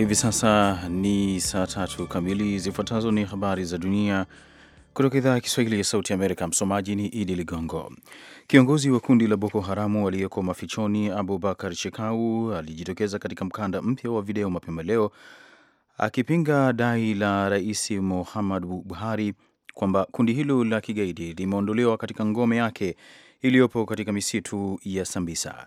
Hivi sasa ni saa tatu kamili. Zifuatazo ni habari za dunia kutoka idhaa ya Kiswahili ya Sauti Amerika. Msomaji ni Idi Ligongo. Kiongozi wa kundi la Boko Haramu aliyeko mafichoni Abubakar Shekau alijitokeza katika mkanda mpya wa video mapema leo akipinga dai la Rais Muhammad Buhari kwamba kundi hilo la kigaidi limeondolewa katika ngome yake iliyopo katika misitu ya Sambisa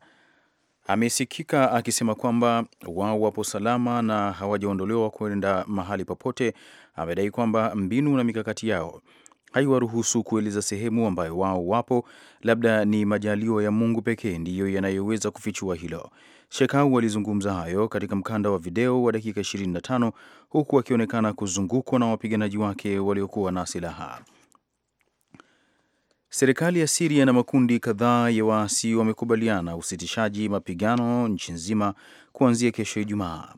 amesikika akisema kwamba wao wapo salama na hawajaondolewa kwenda mahali popote. Amedai kwamba mbinu na mikakati yao haiwaruhusu kueleza sehemu ambayo wao wapo. Labda ni majalio ya Mungu pekee ndiyo yanayoweza kufichua hilo. Shekau alizungumza hayo katika mkanda wa video wa dakika 25 huku akionekana kuzungukwa na wapiganaji wake waliokuwa na silaha. Serikali ya Siria na makundi kadhaa ya waasi wamekubaliana usitishaji mapigano nchi nzima kuanzia kesho Ijumaa.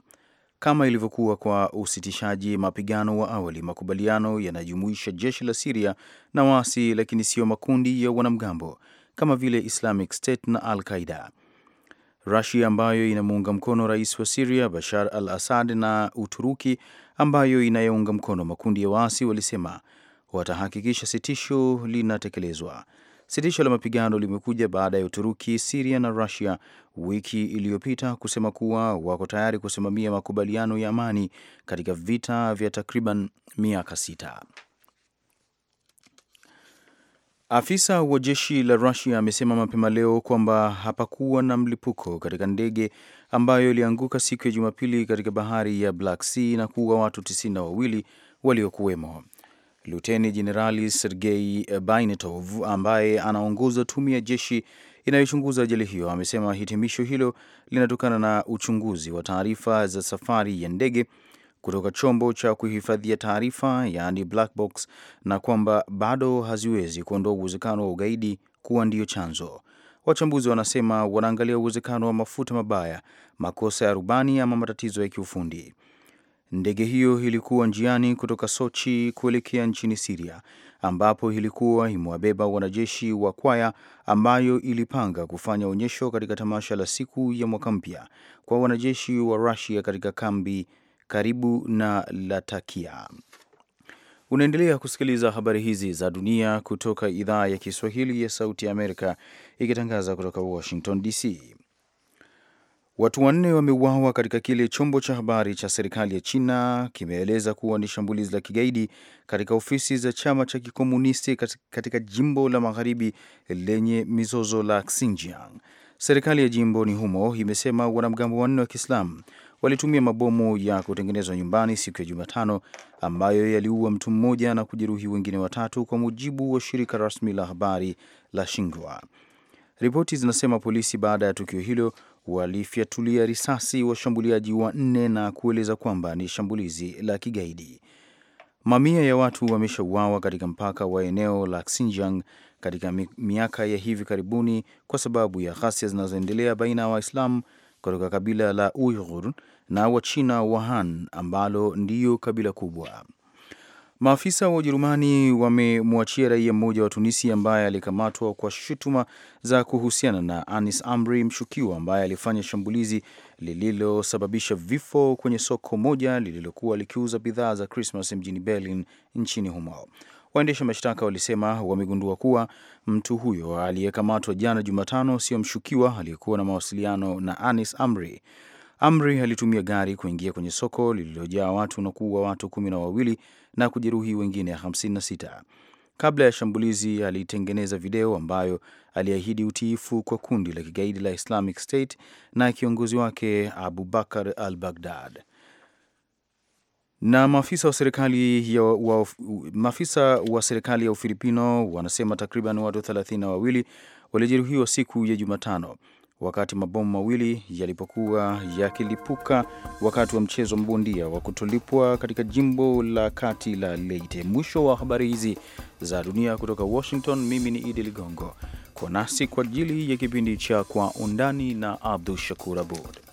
Kama ilivyokuwa kwa usitishaji mapigano wa awali, makubaliano yanajumuisha jeshi la Siria na waasi, lakini siyo makundi ya wanamgambo kama vile Islamic State na Al Qaida. Rusia ambayo inamuunga mkono rais wa Siria Bashar al Assad na Uturuki ambayo inayounga mkono makundi ya waasi walisema watahakikisha sitisho linatekelezwa. Sitisho la mapigano limekuja baada ya Uturuki, Siria na Rusia wiki iliyopita kusema kuwa wako tayari kusimamia makubaliano ya amani katika vita vya takriban miaka sita. Afisa wa jeshi la Rusia amesema mapema leo kwamba hapakuwa na mlipuko katika ndege ambayo ilianguka siku ya Jumapili katika bahari ya Black Sea na kuua watu tisini na wawili waliokuwemo. Luteni Jenerali Sergei Bainetov ambaye anaongoza tume ya jeshi inayochunguza ajali hiyo amesema hitimisho hilo linatokana na uchunguzi wa taarifa za safari ya ndege kutoka chombo cha kuhifadhia taarifa yaani black box, na kwamba bado haziwezi kuondoa uwezekano wa ugaidi kuwa ndiyo chanzo. Wachambuzi wanasema wanaangalia uwezekano wa mafuta mabaya, makosa ya rubani ama matatizo ya kiufundi. Ndege hiyo ilikuwa njiani kutoka Sochi kuelekea nchini Siria ambapo ilikuwa imewabeba wanajeshi wa kwaya ambayo ilipanga kufanya onyesho katika tamasha la siku ya mwaka mpya kwa wanajeshi wa Rusia katika kambi karibu na Latakia. Unaendelea kusikiliza habari hizi za dunia kutoka idhaa ya Kiswahili ya Sauti ya Amerika ikitangaza kutoka Washington DC. Watu wanne wameuawa katika kile chombo cha habari cha serikali ya China kimeeleza kuwa ni shambulizi la kigaidi katika ofisi za chama cha kikomunisti katika jimbo la magharibi lenye mizozo la Xinjiang. Serikali ya jimbo ni humo imesema wanamgambo wanne wa Kiislamu walitumia mabomu ya kutengenezwa nyumbani siku ya Jumatano ambayo yaliua mtu mmoja na kujeruhi wengine watatu, kwa mujibu wa shirika rasmi la habari la shingwa Ripoti zinasema polisi baada ya tukio hilo walifyatulia risasi washambuliaji wanne na kueleza kwamba ni shambulizi la kigaidi. Mamia ya watu wameshauawa katika mpaka wa eneo la Xinjiang katika miaka ya hivi karibuni kwa sababu ya ghasia zinazoendelea baina ya wa Waislamu kutoka kabila la Uighur na Wachina wa Han ambalo ndiyo kabila kubwa. Maafisa wa Ujerumani wamemwachia raia mmoja wa Tunisia ambaye alikamatwa kwa shutuma za kuhusiana na Anis Amri, mshukiwa ambaye alifanya shambulizi lililosababisha vifo kwenye soko moja lililokuwa likiuza bidhaa za Krismas mjini Berlin nchini humo. Waendesha mashtaka walisema wamegundua kuwa mtu huyo aliyekamatwa jana Jumatano sio mshukiwa aliyekuwa na mawasiliano na Anis Amri. Amri alitumia gari kuingia kwenye soko lililojaa watu na kuua watu kumi na wawili na kujeruhi wengine 56. Kabla ya shambulizi, alitengeneza video ambayo aliahidi utiifu kwa kundi la kigaidi la Islamic State na kiongozi wake Abu Bakar al Baghdad. Na maafisa wa serikali ya, wa, maafisa wa serikali ya Ufilipino wanasema takriban watu thelathini na wawili walijeruhiwa siku ya Jumatano wakati mabomu mawili yalipokuwa yakilipuka wakati wa mchezo mbundia wa kutolipwa katika jimbo la kati la leite Mwisho wa habari hizi za dunia kutoka Washington, mimi ni Idi Ligongo. Kwa nasi kwa ajili ya kipindi cha Kwa Undani na Abdu Shakur Abud.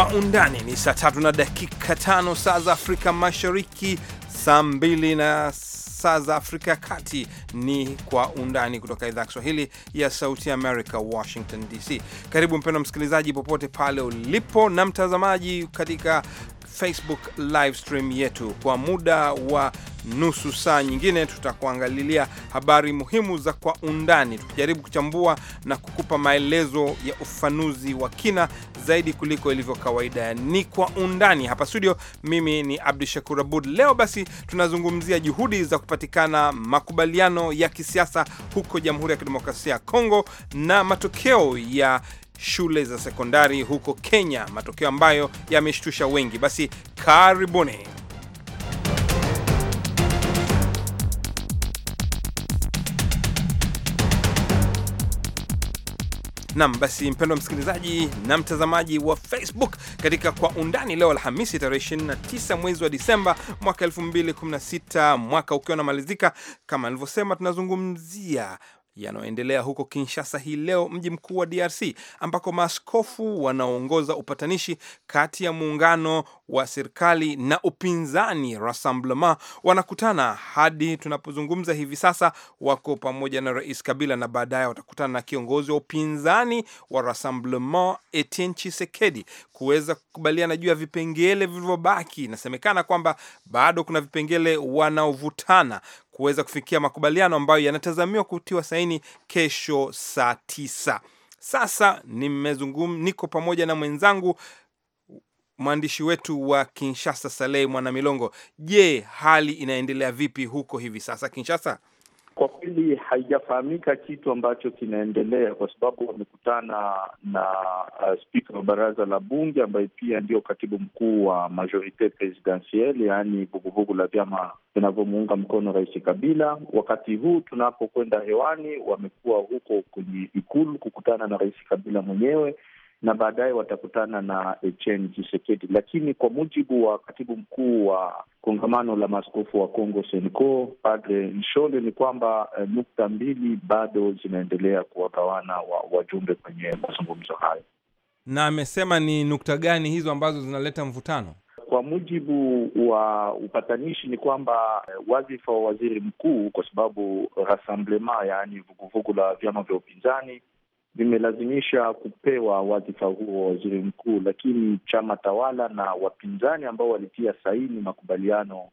Kwa undani ni saa tatu na dakika tano saa za Afrika Mashariki, saa mbili na saa za Afrika ya Kati. Ni kwa undani kutoka idhaa Kiswahili ya Sauti ya Amerika, Washington DC. Karibu mpendwa msikilizaji, popote pale ulipo na mtazamaji katika Facebook live stream yetu. Kwa muda wa nusu saa nyingine, tutakuangalilia habari muhimu za kwa undani, tukijaribu kuchambua na kukupa maelezo ya ufanuzi wa kina zaidi kuliko ilivyo kawaida. Ni kwa undani hapa studio. Mimi ni Abdu Shakur Abud. Leo basi tunazungumzia juhudi za kupatikana makubaliano ya kisiasa huko Jamhuri ya Kidemokrasia ya Kongo na matokeo ya shule za sekondari huko Kenya, matokeo ambayo yameshtusha wengi. Basi karibuni. Nam basi, mpendwa msikilizaji na mtazamaji wa Facebook, katika kwa undani leo Alhamisi tarehe 29 mwezi wa Disemba mwaka 2016, mwaka ukiwa unamalizika, kama nilivyosema, tunazungumzia yanayoendelea huko Kinshasa hii leo, mji mkuu wa DRC, ambako maaskofu wanaoongoza upatanishi kati ya muungano wa serikali na upinzani Rassemblement wanakutana. Hadi tunapozungumza hivi sasa, wako pamoja na Rais Kabila na baadaye watakutana na kiongozi wa upinzani wa Rassemblement Etienne Tshisekedi kuweza kukubaliana juu ya vipengele vilivyobaki. Inasemekana kwamba bado kuna vipengele wanaovutana kuweza kufikia makubaliano ambayo yanatazamiwa kutiwa saini kesho saa tisa. Sasa nimezungum, niko pamoja na mwenzangu mwandishi wetu wa Kinshasa Saleh Mwanamilongo. Je, hali inaendelea vipi huko hivi sasa Kinshasa? Kwa kweli haijafahamika kitu ambacho kinaendelea, kwa sababu wamekutana na uh, spika wa baraza la bunge ambaye pia ndio katibu mkuu wa majorite presidentielle, yaani vuguvugu la vyama vinavyomuunga mkono Rais Kabila. Wakati huu tunapokwenda hewani, wamekuwa huko kwenye ikulu kukutana na Rais Kabila mwenyewe na baadaye watakutana na Etienne Tshisekedi. Lakini kwa mujibu wa katibu mkuu wa kongamano la maaskofu wa congo Senco Padre Nshole, ni kwamba eh, nukta mbili bado zinaendelea kuwagawana wa wajumbe kwenye mazungumzo hayo. Na amesema ni nukta gani hizo ambazo zinaleta mvutano? Kwa mujibu wa upatanishi ni kwamba eh, wadhifa wa waziri mkuu, kwa sababu rassemblement, yaani vuguvugu la vyama vya upinzani vimelazimisha kupewa wadhifa huo waziri mkuu, lakini chama tawala na wapinzani ambao walitia saini makubaliano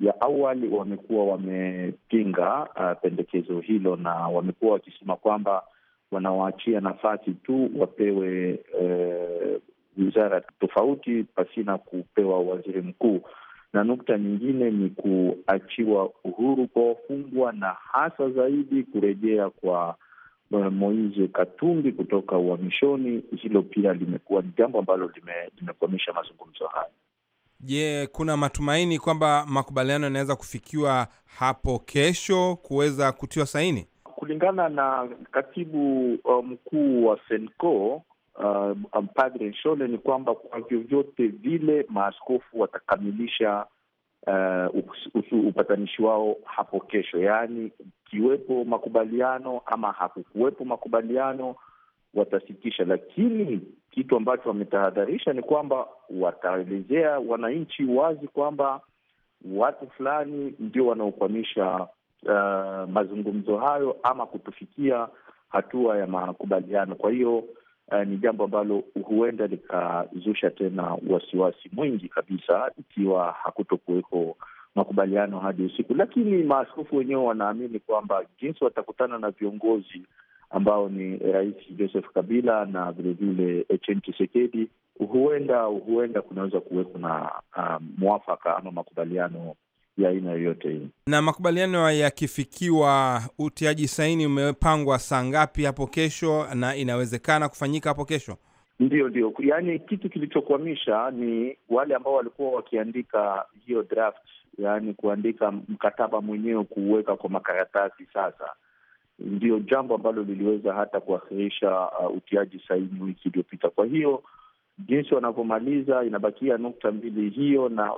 ya awali wamekuwa wamepinga uh, pendekezo hilo na wamekuwa wakisema kwamba wanawaachia nafasi tu wapewe uh, wizara uh, tofauti pasina kupewa waziri mkuu. Na nukta nyingine ni kuachiwa uhuru kwa wafungwa na hasa zaidi kurejea kwa Moise Katumbi kutoka uhamishoni. Hilo pia limekuwa ni jambo ambalo limekwamisha mazungumzo hayo Je, kuna matumaini kwamba makubaliano yanaweza kufikiwa hapo kesho kuweza kutiwa saini? Kulingana na katibu uh, mkuu wa Senco uh, Padre Nshole, ni kwamba kwa vyovyote vile maaskofu watakamilisha uh, upatanishi wao hapo kesho, yaani ikiwepo makubaliano ama hakukuwepo makubaliano watasitisha, lakini kitu ambacho wametahadharisha ni kwamba wataelezea wananchi wazi kwamba watu fulani ndio wanaokwamisha uh, mazungumzo hayo ama kutufikia hatua ya makubaliano. Kwa hiyo uh, ni jambo ambalo huenda likazusha tena wasiwasi mwingi kabisa, ikiwa hakutokuweko makubaliano hadi usiku. Lakini maaskofu wenyewe wanaamini kwamba jinsi watakutana na viongozi ambao ni Rais Joseph Kabila na vilevile Etienne Tshisekedi, huenda huenda kunaweza kuweko na um, mwafaka ama makubaliano ya aina yoyote hii. Na makubaliano yakifikiwa, utiaji saini umepangwa saa ngapi hapo kesho, na inawezekana kufanyika hapo kesho? Ndio, ndio, yaani kitu kilichokwamisha ni wale ambao walikuwa wakiandika hiyo draft, yaani kuandika mkataba mwenyewe, kuuweka kwa makaratasi. Sasa ndio jambo ambalo liliweza hata kuahirisha uh, utiaji saini wiki iliyopita. Kwa hiyo jinsi wanavyomaliza, inabakia nukta mbili hiyo na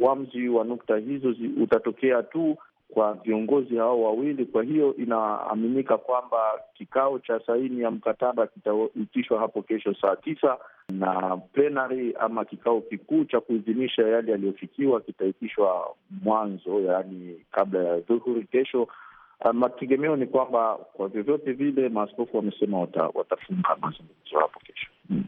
uamzi wa nukta hizo zi, utatokea tu kwa viongozi hao wawili. Kwa hiyo inaaminika kwamba kikao cha saini ya mkataba kitaitishwa hapo kesho saa tisa na plenary ama kikao kikuu cha kuidhinisha yale yaliyofikiwa kitaitishwa mwanzo, yaani kabla ya dhuhuri kesho. Ah, mategemeo ni kwamba kwa vyovyote vile maaskofu wamesema watafunga mazungumzo hapo kesho. Hmm.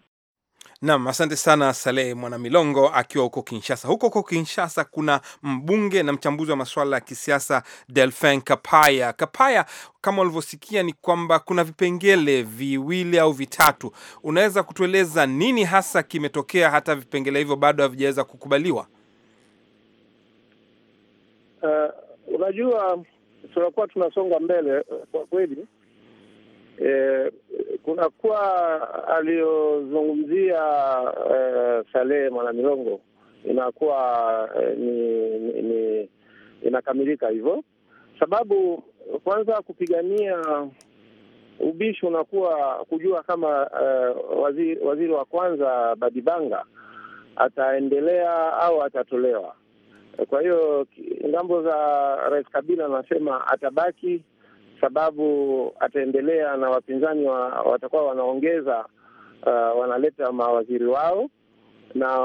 Nam, asante sana Saleh Mwanamilongo akiwa huko Kinshasa. Huko huko Kinshasa kuna mbunge na mchambuzi wa masuala ya kisiasa Delfin Kapaya. Kapaya, kama ulivyosikia, ni kwamba kuna vipengele viwili au vitatu. Unaweza kutueleza nini hasa kimetokea hata vipengele hivyo bado havijaweza kukubaliwa? Uh, unajua tunakuwa tunasonga mbele eh, kwa kweli E, kuna kuwa aliyozungumzia e, Salehe Mwanamilongo inakuwa e, ni, ni inakamilika hivyo, sababu kwanza kupigania ubishi unakuwa kujua kama e, waziri, waziri wa kwanza Badibanga ataendelea au atatolewa. Kwa hiyo ngambo za Rais Kabila anasema atabaki sababu ataendelea na wapinzani wa, watakuwa wanaongeza uh, wanaleta mawaziri wao na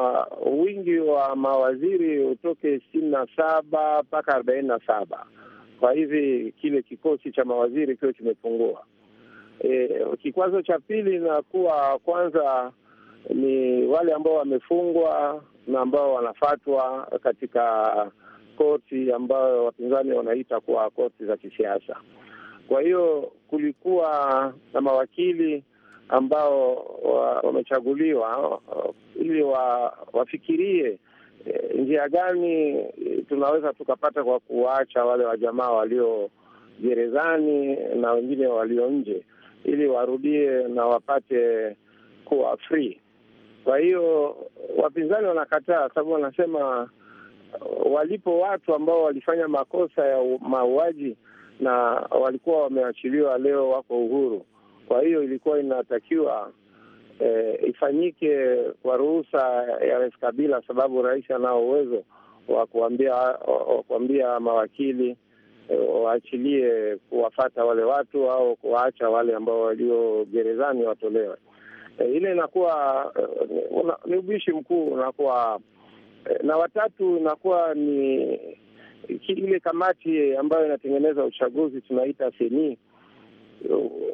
wingi wa mawaziri utoke ishirini na saba mpaka arobaini na saba. Kwa hivi kile kikosi cha mawaziri kiwe kimepungua. E, kikwazo cha pili na kuwa kwanza ni wale ambao wamefungwa na ambao wanafatwa katika koti ambayo wapinzani wanaita kuwa koti za kisiasa. Kwa hiyo kulikuwa na mawakili ambao wamechaguliwa uh, ili wa, wafikirie e, njia gani eh, tunaweza tukapata kwa kuwaacha wale wajamaa walio gerezani na wengine walio nje ili warudie na wapate kuwa free. Kwa hiyo wapinzani wanakataa, sababu wanasema uh, walipo watu ambao walifanya makosa ya mauaji na walikuwa wameachiliwa, leo wako uhuru. Kwa hiyo ilikuwa inatakiwa e, ifanyike kwa ruhusa ya Rais Kabila, sababu rais anao uwezo wa kuambia wa kuambia mawakili eh, waachilie kuwafata wale watu au kuwaacha wale ambao walio gerezani watolewe. E, ile inakuwa ni ubishi mkuu unakuwa, na watatu inakuwa ni ile kamati ambayo inatengeneza uchaguzi tunaita seni,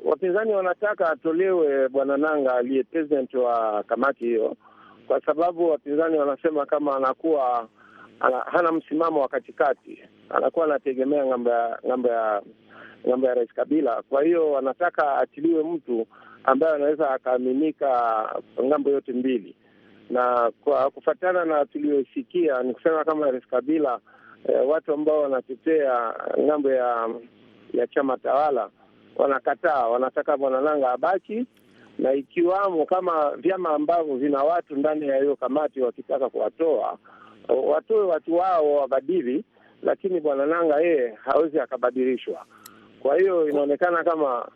wapinzani wanataka atolewe bwana Nanga aliye president wa kamati hiyo, kwa sababu wapinzani wanasema kama anakuwa ana, hana msimamo wa katikati, anakuwa anategemea ng'ambo ya ng'ambo ya ng'ambo ya Rais Kabila. Kwa hiyo wanataka atiliwe mtu ambaye anaweza akaaminika ng'ambo yote mbili, na kwa kufuatana na tuliyosikia ni kusema kama Rais Kabila eh, watu ambao wanatetea ng'ambo ya ya chama tawala wanakataa, wanataka bwana Langa abaki, na ikiwamo kama vyama ambavyo vina watu ndani ya hiyo kamati wakitaka kuwatoa watoe watu wao wabadili, lakini bwana Langa yeye hawezi akabadilishwa. Kwa hiyo inaonekana kama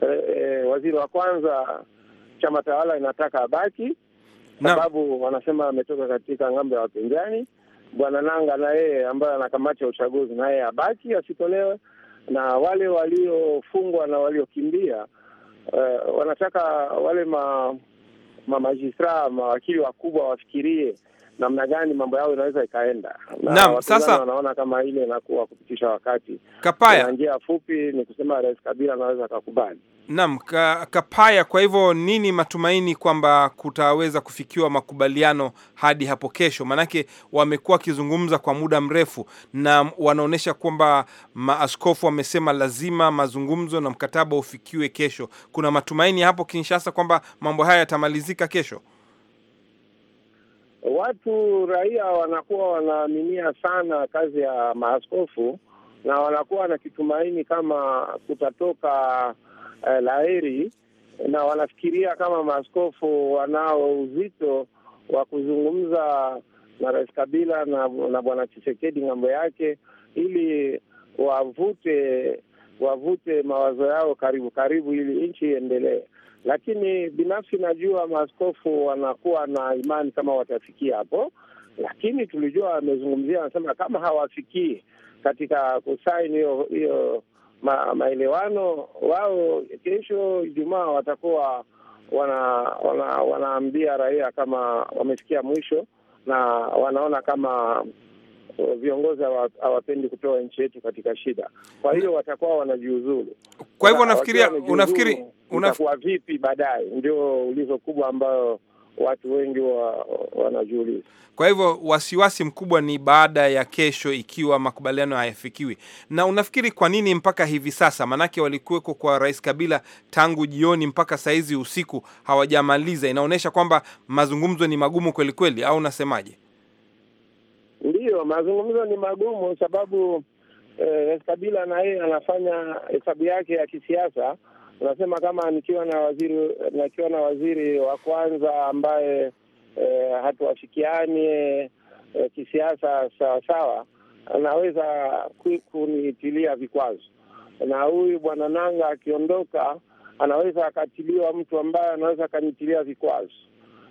eh, eh, waziri wa kwanza chama tawala inataka abaki, sababu wanasema ametoka katika ng'ambo ya wapinzani bwana Nanga na yeye ambaye kamati ya uchaguzi na yeye abaki asitolewe, na wale waliofungwa na waliokimbia uh, wanataka wale ma mamajistra mawakili wakubwa wafikirie namna gani mambo yao inaweza ikaenda. Naam, sasa wanaona kama ile inakuwa kupitisha wakati. Kapaya, na njia fupi ni kusema Rais Kabila anaweza akakubali. Naam, ka, Kapaya, kwa hivyo nini matumaini kwamba kutaweza kufikiwa makubaliano hadi hapo kesho? Maanake wamekuwa wakizungumza kwa muda mrefu na wanaonyesha kwamba maaskofu wamesema lazima mazungumzo na mkataba ufikiwe kesho. Kuna matumaini hapo Kinshasa kwamba mambo haya yatamalizika kesho? watu raia wanakuwa wanaaminia sana kazi ya maaskofu na wanakuwa na kitumaini kama kutatoka eh, laheri, na wanafikiria kama maaskofu wanao uzito wa kuzungumza na Rais Kabila na, na Bwana Chisekedi ng'ambo yake ili wavute wavute mawazo yao karibu karibu, ili nchi iendelee lakini binafsi najua maaskofu wanakuwa na imani kama watafikia hapo, lakini tulijua wamezungumzia, wanasema kama hawafikii katika kusaini hiyo hiyo ma, maelewano, wao kesho Ijumaa watakuwa wanaambia wana, wana raia kama wamefikia mwisho na wanaona kama viongozi hawapendi kutoa nchi yetu katika shida, kwa hiyo watakuwa wanajiuzulu. Kwa hivyo unafikiria, unafikiri itakuwa vipi baadaye? Ndio ulizo kubwa ambayo watu wengi wa, wanajiuliza. Kwa hivyo wasiwasi mkubwa ni baada ya kesho, ikiwa makubaliano hayafikiwi. Na unafikiri kwa nini mpaka hivi sasa? Maanake walikuweko kwa Rais Kabila tangu jioni mpaka saizi usiku hawajamaliza. Inaonyesha kwamba mazungumzo ni magumu kwelikweli, au unasemaje? Ndiyo, mazungumzo ni magumu sababu eh, Kabila na yeye anafanya hesabu yake ya kisiasa. Anasema kama nikiwa na waziri nikiwa na waziri wa kwanza ambaye eh, hatuafikiani eh, kisiasa sawasawa, anaweza kunitilia vikwazo, na huyu bwana Nanga akiondoka, anaweza akatiliwa mtu ambaye anaweza akanitilia vikwazo,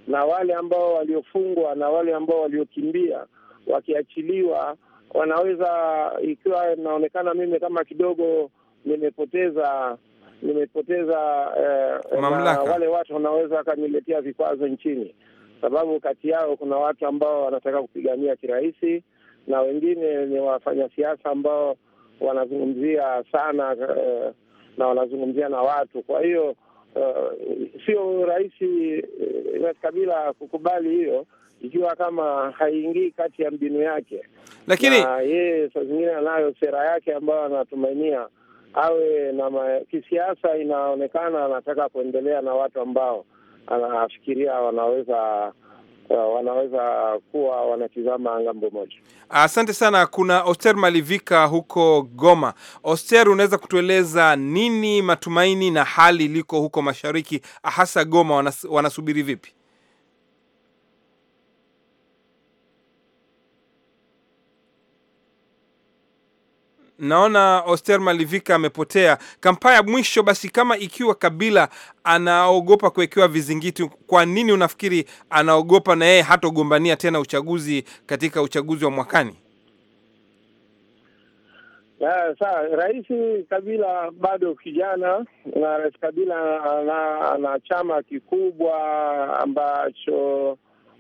na wale ambao waliofungwa na wale ambao waliokimbia wakiachiliwa, wanaweza ikiwa inaonekana mimi kama kidogo nimepoteza nimepoteza eh, mamlaka, wale watu wanaweza wakaniletea vikwazo nchini, sababu kati yao kuna watu ambao wanataka kupigania kirahisi na wengine ni wafanyasiasa ambao wanazungumzia sana eh, na wanazungumzia na watu. Kwa hiyo eh, sio rahisi eh, Kabila kukubali hiyo, ikiwa kama haiingii kati ya mbinu yake, lakini na yeye saa zingine anayo sera yake ambayo anatumainia awe na ma... kisiasa, inaonekana anataka kuendelea na watu ambao anafikiria wanaweza uh, wanaweza kuwa wanatizama ngambo moja. Asante sana. Kuna Oster Malivika huko Goma. Oster, unaweza kutueleza nini matumaini na hali iliko huko mashariki, hasa Goma, wanas, wanasubiri vipi? naona Oster Malivika amepotea. Kampaya. ya mwisho basi, kama ikiwa Kabila anaogopa kuwekewa vizingiti, kwa nini unafikiri anaogopa na yeye hatogombania tena uchaguzi katika uchaguzi wa mwakani? Sa Rais Kabila bado kijana, na Rais Kabila ana, ana chama kikubwa ambacho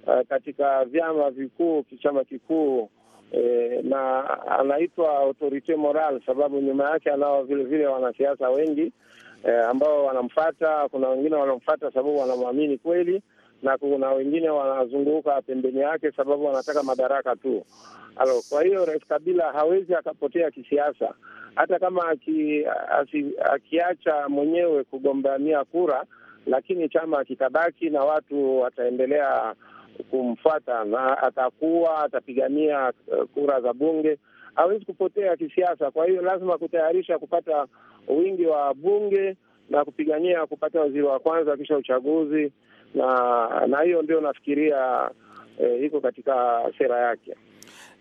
eh, katika vyama vikuu, chama kikuu e, na anaitwa autorite moral sababu nyuma yake anao vilevile wanasiasa wengi e, ambao wanamfata. Kuna wengine wanamfata sababu wanamwamini kweli, na kuna wengine wanazunguka pembeni yake sababu wanataka madaraka tu. Alo, kwa hiyo Rais Kabila hawezi akapotea kisiasa, hata kama aki, asi, akiacha mwenyewe kugombania kura, lakini chama kitabaki na watu wataendelea kumfata na atakuwa atapigania eh, kura za bunge, hawezi kupotea kisiasa. Kwa hiyo lazima kutayarisha kupata wingi wa bunge na kupigania kupata waziri wa kwanza kisha uchaguzi, na na hiyo ndio nafikiria eh, iko katika sera yake.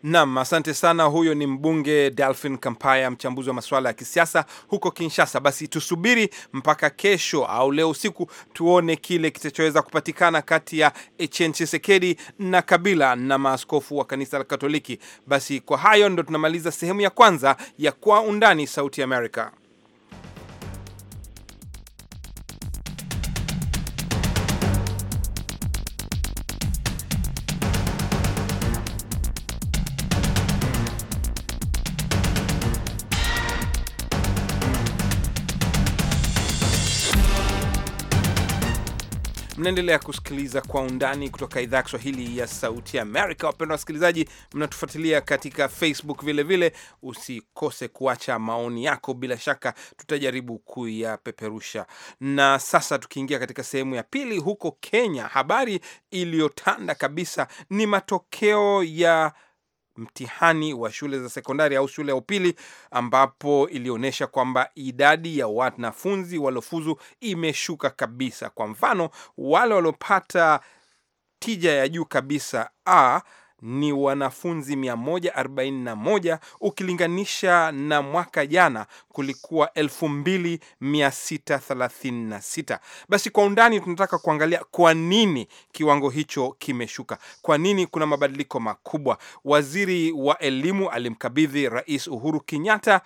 Naam, asante sana. Huyo ni mbunge Delphin Kampaya, mchambuzi wa masuala ya kisiasa huko Kinshasa. Basi tusubiri mpaka kesho au leo usiku tuone kile kitachoweza kupatikana kati ya Etienne Tshisekedi na Kabila na maaskofu wa kanisa la Katoliki. Basi kwa hayo ndo tunamaliza sehemu ya kwanza ya Kwa Undani, Sauti Amerika. Mnaendelea kusikiliza Kwa Undani kutoka idhaa ya Kiswahili ya Sauti Amerika. Wapendwa wasikilizaji, mnatufuatilia katika Facebook vilevile vile. Usikose kuacha maoni yako, bila shaka tutajaribu kuyapeperusha. Na sasa tukiingia katika sehemu ya pili, huko Kenya, habari iliyotanda kabisa ni matokeo ya mtihani wa shule za sekondari au shule ya upili ambapo ilionyesha kwamba idadi ya wanafunzi waliofuzu imeshuka kabisa. Kwa mfano, wale waliopata tija ya juu kabisa A ni wanafunzi 141 ukilinganisha na mwaka jana kulikuwa 2636. Basi kwa undani tunataka kuangalia kwa nini kiwango hicho kimeshuka, kwa nini kuna mabadiliko makubwa. Waziri wa elimu alimkabidhi Rais Uhuru Kenyatta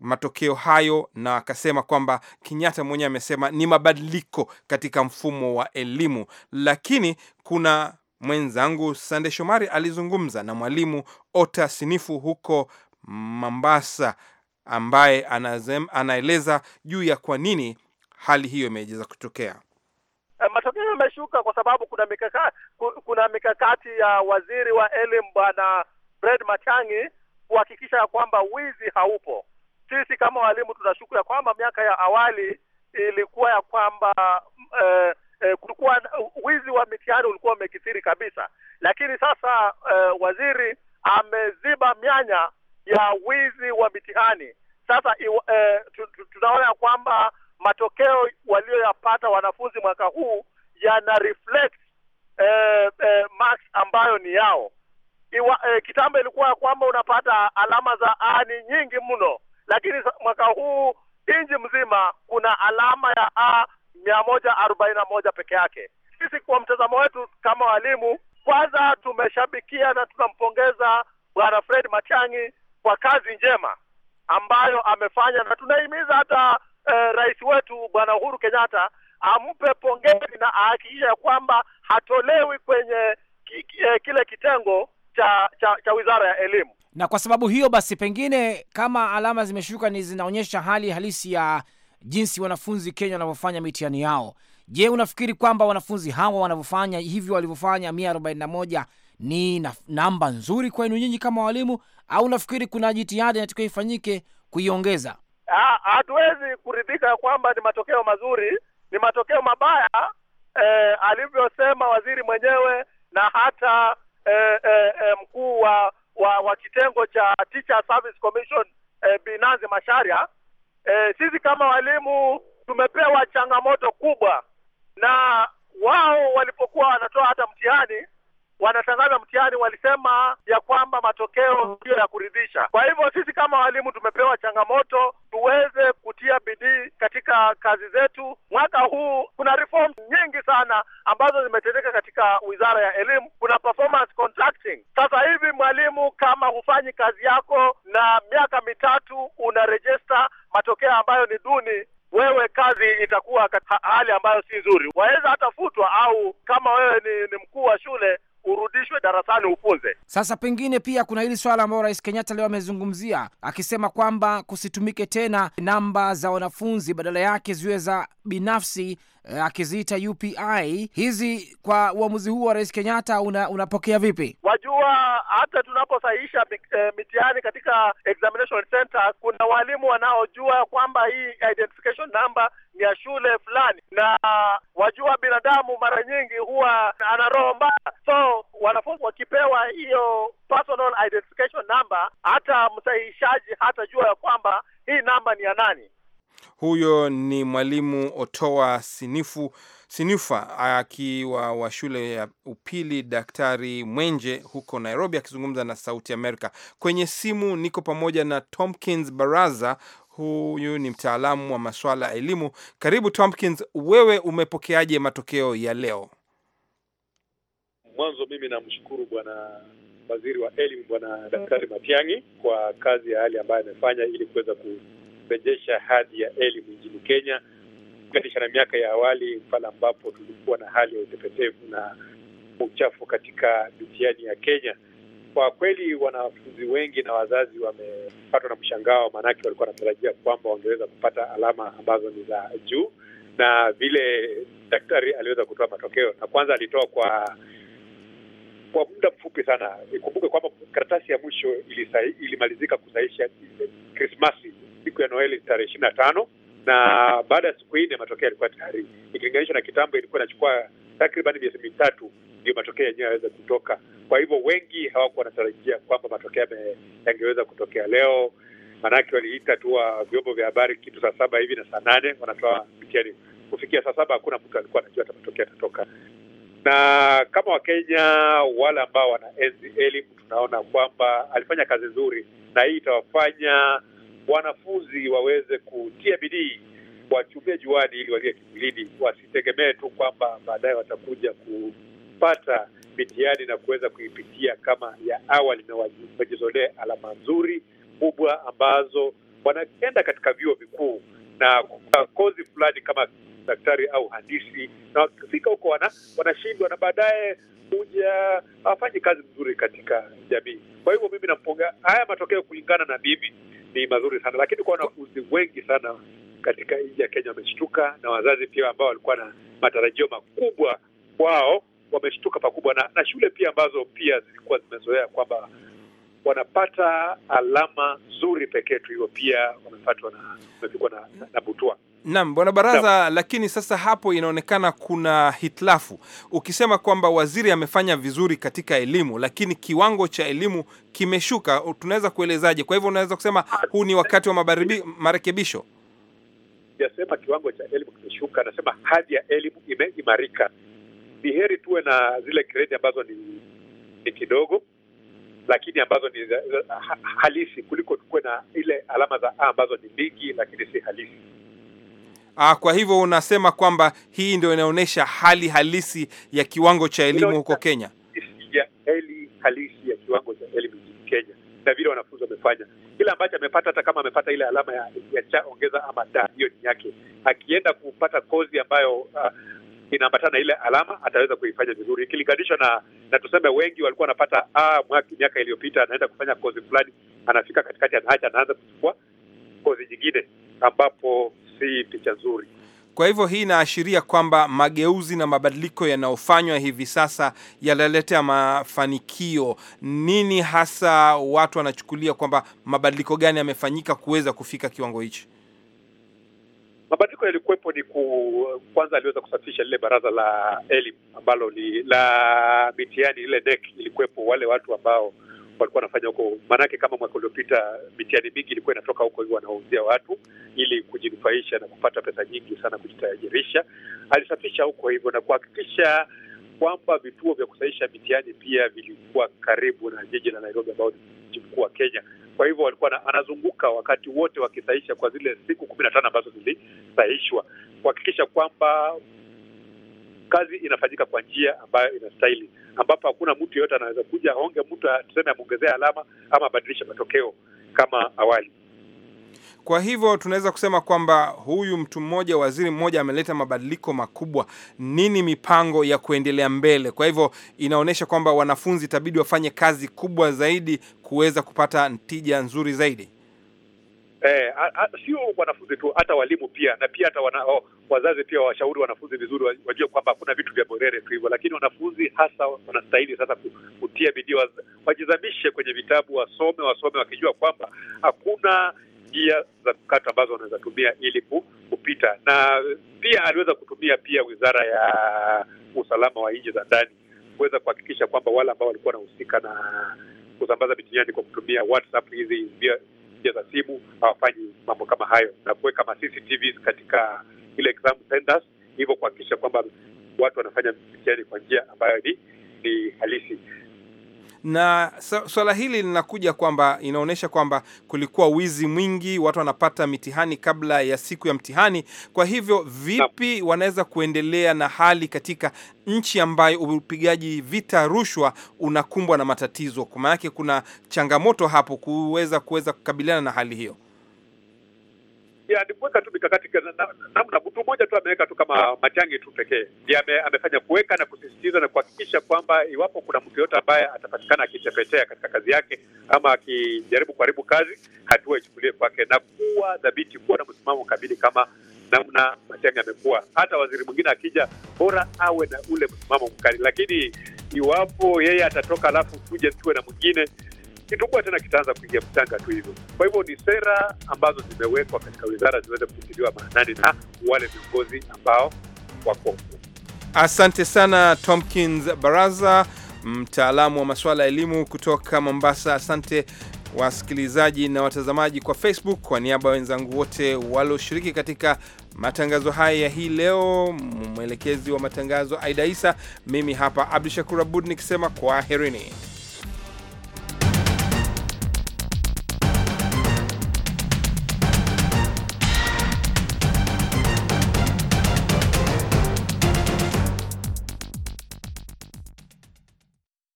matokeo hayo na akasema kwamba Kenyatta mwenyewe amesema ni mabadiliko katika mfumo wa elimu, lakini kuna Mwenzangu Sande Shomari alizungumza na mwalimu Ota Sinifu huko Mombasa, ambaye anazem, anaeleza juu ya kwa nini hali hiyo imeweza kutokea. Eh, matokeo yameshuka kwa sababu kuna mikakati, kuna mikakati ya waziri wa elimu Bwana Fred Matiang'i kuhakikisha ya kwamba wizi haupo. Sisi kama walimu tunashuku ya kwamba miaka ya awali ilikuwa ya kwamba eh, eh, kulikuwa wizi wa mitihani ulikuwa umekithiri kabisa, lakini sasa eh, waziri ameziba mianya ya wizi wa mitihani. Sasa eh, tunaona kwamba matokeo walioyapata wanafunzi mwaka huu yana reflect eh, eh, marks ambayo ni yao. Iwa, eh, kitambo ilikuwa kwamba unapata alama za A ni nyingi mno, lakini mwaka huu nchi mzima kuna alama ya A mia moja arobaini na moja peke yake. Sisi kwa mtazamo wetu kama walimu, kwanza tumeshabikia na tunampongeza Bwana Fred Matiang'i kwa kazi njema ambayo amefanya, na tunahimiza hata eh, rais wetu Bwana Uhuru Kenyatta ampe pongezi na ahakikisha kwamba hatolewi kwenye eh, kile kitengo cha, cha, cha wizara ya elimu. Na kwa sababu hiyo basi, pengine kama alama zimeshuka, ni zinaonyesha hali halisi ya jinsi wanafunzi Kenya wanavyofanya mitihani yao. Je, unafikiri kwamba wanafunzi hawa wanavyofanya hivyo walivyofanya mia arobaini na moja ni namba nzuri kwenu nyinyi kama walimu, au nafikiri kuna jitihada inatakiwa ifanyike kuiongeza? Hatuwezi kuridhika kwamba ni matokeo mazuri, ni matokeo mabaya eh, alivyosema waziri mwenyewe na hata eh, eh, mkuu wa, wa, wa kitengo cha Teacher Service Commission eh, Binazi Masharia E, sisi kama walimu tumepewa changamoto kubwa, na wao walipokuwa wanatoa hata mtihani wanatangaza mtihani walisema ya kwamba matokeo ndiyo ya kuridhisha. Kwa hivyo sisi kama walimu tumepewa changamoto tuweze kutia bidii katika kazi zetu. Mwaka huu kuna reform nyingi sana ambazo zimetendeka katika wizara ya elimu. Kuna performance contracting. Sasa hivi mwalimu kama hufanyi kazi yako na miaka mitatu unarejesta matokeo ambayo ni duni wewe kazi itakuwa hali ambayo si nzuri, waweza hata futwa, au kama wewe ni, ni mkuu wa shule un urudishwe darasani ufunze. Sasa pengine pia kuna hili swala ambayo Rais Kenyatta leo amezungumzia akisema kwamba kusitumike tena namba za wanafunzi, badala yake ziwe za binafsi eh, akiziita UPI. Hizi kwa uamuzi huu wa Rais Kenyatta una, unapokea vipi? Wajua, hata tunaposahihisha eh, mitihani katika examination kuna walimu wanaojua kwamba hii identification number ni ya shule fulani, na wajua binadamu mara nyingi huwa ana roho mbaya, so wanafunzi wakipewa hiyo personal identification number, hata msahihishaji hatajua ya kwamba hii namba ni ya nani. Huyo ni mwalimu Otoa Sinifu Sinifa akiwa wa shule ya upili Daktari Mwenje huko Nairobi, akizungumza na Sauti Amerika. Kwenye simu niko pamoja na Tomkins Baraza, huyu ni mtaalamu wa masuala ya elimu. Karibu Tomkins, wewe umepokeaje matokeo ya leo? mwanzo mimi namshukuru bwana waziri wa elimu bwana Daktari Matiang'i kwa kazi ya hali ambayo amefanya ili kuweza kurejesha hadhi ya elimu nchini Kenya kulinganisha na miaka ya awali pale ambapo tulikuwa na hali ya utepetevu na uchafu katika mitihani ya Kenya. Kwa kweli wanafunzi wengi na wazazi wamepatwa na mshangao, maanake walikuwa wanatarajia kwamba wangeweza kupata alama ambazo ni za juu, na vile daktari aliweza kutoa matokeo, na kwanza alitoa kwa kwa muda mfupi sana. Ikumbuke kwamba karatasi ya mwisho ilisai, ilimalizika kusaisha Krismasi siku ya Noeli tarehe ishirini na tano na baada ya siku nne matokeo yalikuwa tayari. ikilinganishwa na kitambo, ilikuwa inachukua takriban miezi mitatu ndio matokeo yenyewe yaweza kutoka. Kwa hivyo wengi hawakuwa wanatarajia kwamba matokeo yangeweza kutokea leo, maanake waliita tu vyombo vya habari kitu saa saba hivi na saa nane wanatoa mtihani. Kufikia saa saba hakuna mtu alikuwa anajua matokeo yatatoka na kama Wakenya wale ambao wanaenzi elimu, tunaona kwamba alifanya kazi nzuri, na hii itawafanya wanafunzi waweze kutia bidii, wachumie juani ili walie kimwilini, wasitegemee tu kwamba baadaye watakuja kupata mitihani na kuweza kuipitia kama ya awali, na wajizolee alama nzuri kubwa ambazo wanaenda katika vyuo vikuu na kozi fulani kama daktari au handisi, na wakifika huko wana, wanashindwa na baadaye kuja hawafanyi kazi mzuri katika jamii. Kwa hivyo mimi nampongea haya matokeo, kulingana na mimi ni mazuri sana, lakini kwa wanafunzi wengi sana katika nchi ya Kenya wameshtuka, na wazazi pia ambao walikuwa na matarajio makubwa kwao wameshtuka pakubwa, na, na shule pia ambazo pia zilikuwa zimezoea kwamba wanapata alama nzuri pekee tu, hiyo pia wamepatwa na wamepigwa na, na, na butwa. Naam, bwana Baraza Naam. Lakini sasa hapo inaonekana kuna hitilafu ukisema kwamba waziri amefanya vizuri katika elimu, lakini kiwango cha elimu kimeshuka, tunaweza kuelezaje? Kwa hivyo unaweza kusema huu ni wakati wa marekebisho? Sijasema kiwango cha elimu kimeshuka, anasema hadhi ya elimu imeimarika. Ni heri tuwe na zile kredi ambazo ni, ni kidogo lakini ambazo ni ha, eh, halisi kuliko tukuwe na ile alama za A ambazo ni mingi lakini si halisi. Ah, kwa hivyo unasema kwamba hii ndio inaonyesha hali halisi ya kiwango cha elimu huko Kenya, ya hali halisi ya kiwango cha elimu nchini Kenya na vile wanafunzi wamefanya kila ambacho amepata, hata kama amepata ile alama ya, ya cha ongeza ama da, hiyo ni yake. Akienda kupata kozi ambayo uh, inaambatana ile alama ataweza kuifanya vizuri ikilinganishwa na na tuseme wengi walikuwa wanapata ah, miaka iliyopita anaenda kufanya kozi fulani, anafika katikati anaacha, anaanza kuchukua kozi nyingine, ambapo si picha nzuri. Kwa hivyo hii inaashiria kwamba mageuzi na mabadiliko yanayofanywa hivi sasa yanaletea mafanikio. Nini hasa watu wanachukulia kwamba mabadiliko gani yamefanyika kuweza kufika kiwango hichi? Mabadiliko yalikuwepo ni ku, kwanza aliweza kusafisha lile baraza la elimu ambalo ni la mitihani, lile NEC ilikuwepo, wale watu ambao walikuwa wanafanya huko, maanake kama mwaka uliopita mitihani mingi ilikuwa inatoka huko, hivyo wanauzia watu ili kujinufaisha na kupata pesa nyingi sana kujitajirisha. Alisafisha huko hivyo na kuhakikisha kwamba vituo vya kusaisha mitihani pia vilikuwa karibu na jiji la Nairobi, ambao ni mji mkuu wa Kenya. Kwa hivyo walikuwa anazunguka wakati wote wakisaisha kwa zile siku kumi na tano ambazo zilisahishwa kuhakikisha kwamba kazi inafanyika kwa njia ambayo inastahili, ambapo hakuna mtu yeyote anaweza kuja aonge mtu tuseme ameongezea alama ama abadilishe matokeo kama awali. Kwa hivyo tunaweza kusema kwamba huyu mtu mmoja, waziri mmoja, ameleta mabadiliko makubwa. Nini mipango ya kuendelea mbele? Kwa hivyo inaonyesha kwamba wanafunzi itabidi wafanye kazi kubwa zaidi kuweza kupata tija nzuri zaidi. Eh, sio wanafunzi tu, hata walimu pia, na pia hata wana, oh, wazazi pia washauri wanafunzi vizuri, wajue kwamba kuna vitu vya borere tu hivyo, lakini wanafunzi hasa wanastahili sasa kutia bidii, wajizamishe kwenye vitabu, wasome wasome, wakijua kwamba hakuna njia za kukata ambazo wanaweza tumia ili kupita, na pia aliweza kutumia pia wizara ya usalama wa nchi za ndani kuweza kuhakikisha kwamba wale ambao walikuwa wanahusika na kusambaza mitihani kwa kutumia WhatsApp hizi njia za simu hawafanyi mambo kama hayo, na kuweka ma CCTV katika ile exam centers, hivyo kuhakikisha kwamba watu wanafanya mitihani kwa njia ambayo ni, ni halisi na swala hili linakuja kwamba inaonyesha kwamba kulikuwa wizi mwingi, watu wanapata mitihani kabla ya siku ya mtihani. Kwa hivyo vipi wanaweza kuendelea na hali katika nchi ambayo upigaji vita rushwa unakumbwa na matatizo? Kwa maanake kuna changamoto hapo kuweza kuweza kukabiliana na hali hiyo alimweka tu mikakati namna, mtu mmoja tu ameweka tu kama Machangi tu pekee ndiye amefanya kuweka na kusisitiza na kuhakikisha kwamba iwapo kuna mtu yoyote ambaye atapatikana akichepetea katika kazi yake ama akijaribu kuharibu kazi, hatua ichukuliwe kwake na kuwa dhabiti, kuwa na msimamo kamili kama namna matiangi amekuwa. Hata waziri mwingine akija, bora awe na ule msimamo mkali, lakini iwapo yeye atatoka alafu tuje tuwe na mwingine kitukua tena kitaanza kuingia mchanga tu hivyo. Kwa hivyo ni sera ambazo zimewekwa katika wizara ziweze kutiliwa maanani na wale viongozi ambao wako. Asante sana Tomkins Baraza, mtaalamu wa masuala ya elimu kutoka Mombasa. Asante wasikilizaji na watazamaji kwa Facebook. Kwa niaba ya wenzangu wote walioshiriki katika matangazo haya ya hii leo, mwelekezi wa matangazo Aida Isa, mimi hapa Abdu Shakur Abud nikisema kwaherini.